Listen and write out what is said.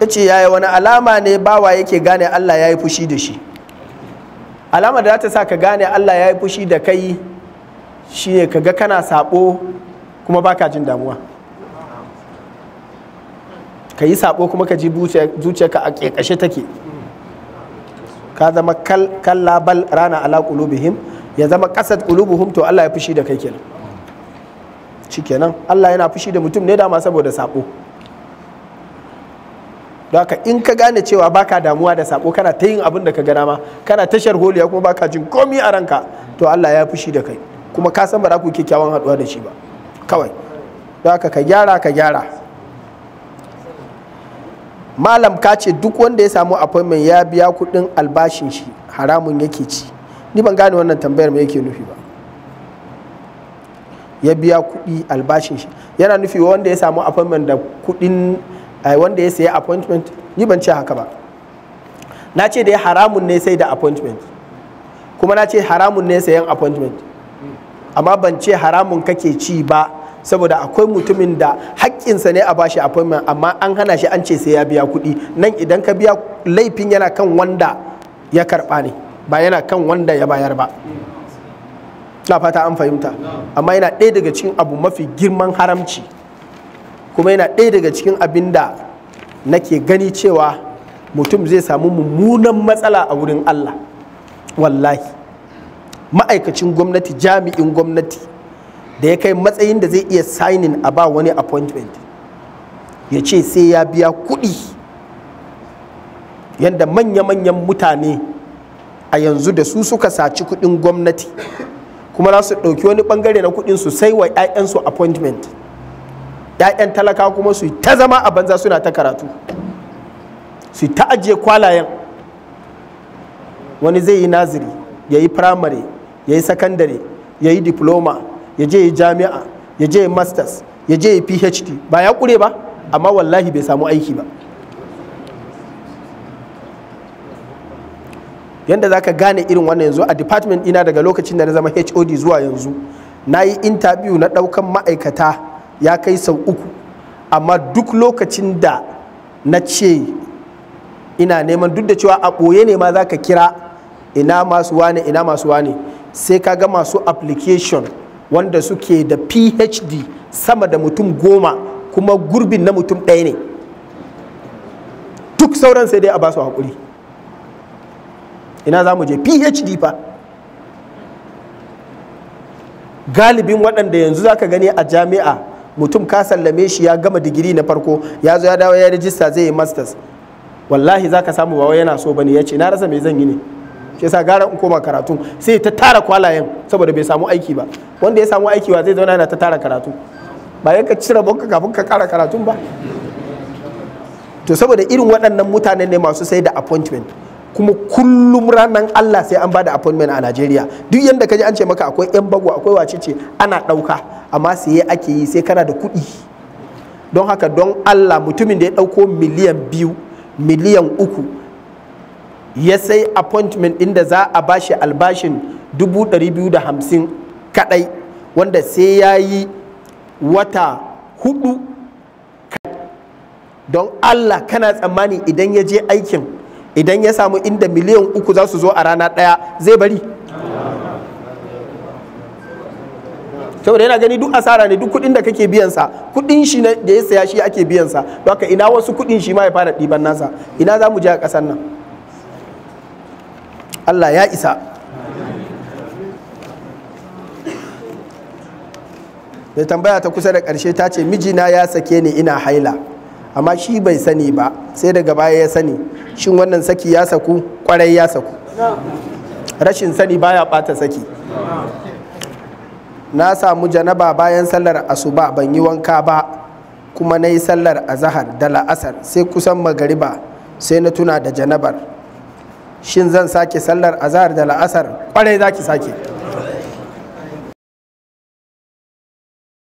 ya ce yaya wani alama ne bawa yake gane Allah ya yi fushi da shi alama da za ta sa ka gane Allah ya yi fushi da kai shi ne kaga kana sabo kuma baka jin damuwa ka yi sabo kuma ka ji zuciyarka a ƙeƙashe take ka zama kallabal rana ala qulubihim ya zama kasat qulubuhum to Allah ya fushi da kai kenan shikenan Allah yana fushi da mutum ne dama saboda sabo don in ka gane cewa baka damuwa da sako kana ta yin abin da ka gana ma kana ta sharholiya kuma baka jin komi a ranka to Allah ya fushi da kai kuma ka san ba za ku kyakkyawan haɗuwa da shi ba kawai don ka gyara ka gyara malam ka ce duk wanda ya samu appointment ya biya kuɗin albashin shi haramun yake ci ni ban gane wannan tambayar mai yake nufi ba ya biya kuɗi albashin shi yana nufi wanda ya samu appointment da kuɗin wanda ya sayi appointment ni ban ce haka ba na ce dai haramun ne sai da appointment kuma na ce haramun ne sayan appointment amma ban ce haramun kake ci ba saboda akwai mutumin da haƙƙinsa ne a bashi appointment amma an hana shi an ce sai ya biya kuɗi nan idan ka biya laifin yana kan wanda ya karɓa ne ba yana kan wanda ya bayar ba na fata an fahimta amma yana ɗaya daga cikin abu mafi girman haramci kuma yana ɗaya daga cikin abin da nake gani cewa mutum zai samu mummunan matsala a wurin Allah wallahi ma'aikacin gwamnati jami'in gwamnati da ya kai matsayin da zai iya signing a ba wani appointment ya ce sai ya biya kuɗi yadda manya-manyan mutane a yanzu da su suka saci kuɗin gwamnati kuma za su ɗauki wani ɓangare na kuɗin su sai wa 'ya'yansu appointment ‘ya'yan talaka kuma su ta zama a banza suna ta karatu su ta ajiye kwalayen wani zai yi naziri ya yi firamare ya yi sakandare ya yi diploma ya je yi jami'a ya je yi masters ya je yi phd ba ya kure ba amma wallahi bai samu aiki ba yadda za ka gane irin wannan yanzu a department ina daga lokacin da na zama hod zuwa yanzu na yi intabiyu na ɗaukan ma'aikata ya kai sau uku amma duk lokacin da na ce ina neman duk da cewa a ɓoye ne ma za ka kira ina masu wane ina masu wane sai ka ga masu application wanda suke da phd sama da mutum goma kuma gurbin na mutum ɗaya ne duk sauran sai dai a basu haƙuri ina za mu je phd fa galibin waɗanda yanzu za ka gani a jami'a mutum ka sallame shi ya gama digiri na farko ya zo ya dawo ya rijista zai yi masters wallahi za ka samu bawa yana so bane ya ce na rasa mai zan yi ne ke sa gara in koma karatu sai ta tara kwalayen saboda bai samu aiki ba wanda ya samu aiki wa zai zauna yana ta tara karatu ba ya cire banka kafin ka kara karatun ba to saboda irin waɗannan mutanen ne masu sai da appointment kuma kullum ranar Allah sai an bada appointment a Najeriya duk yanda kaji an ce maka akwai yan bago akwai wace ce ana ɗauka amma sai ake yi sai kana da kuɗi don haka don Allah mutumin da ya ɗauko miliyan biyu miliyan uku ya sai appointment inda za a bashi albashin dubu ɗari biyu da hamsin kaɗai wanda sai ya yi wata hudu don Allah kana tsammani idan ya je aikin idan ya samu inda miliyan uku za su zo a rana ɗaya zai bari saboda yana gani duk asara ne duk kuɗin da kake biyansa kuɗin shi da ya saya shi ake biyansa don haka ina wasu kuɗin shi ma ya fara ɗiban nasa ina za mu je a ƙasar nan allah ya isa mai tambaya ta kusa da ƙarshe ta ce mijina ya sake ni ina haila amma shi bai sani ba sai daga baya ya sani shin wannan saki ya saku kwarai ya saku rashin sani baya bata saki na samu janaba bayan sallar asuba ban yi wanka ba kuma na yi sallar azahar da la'asar sai kusan magariba sai na tuna da janabar shin zan sake sallar azahar da la'asar kwarai za ki sake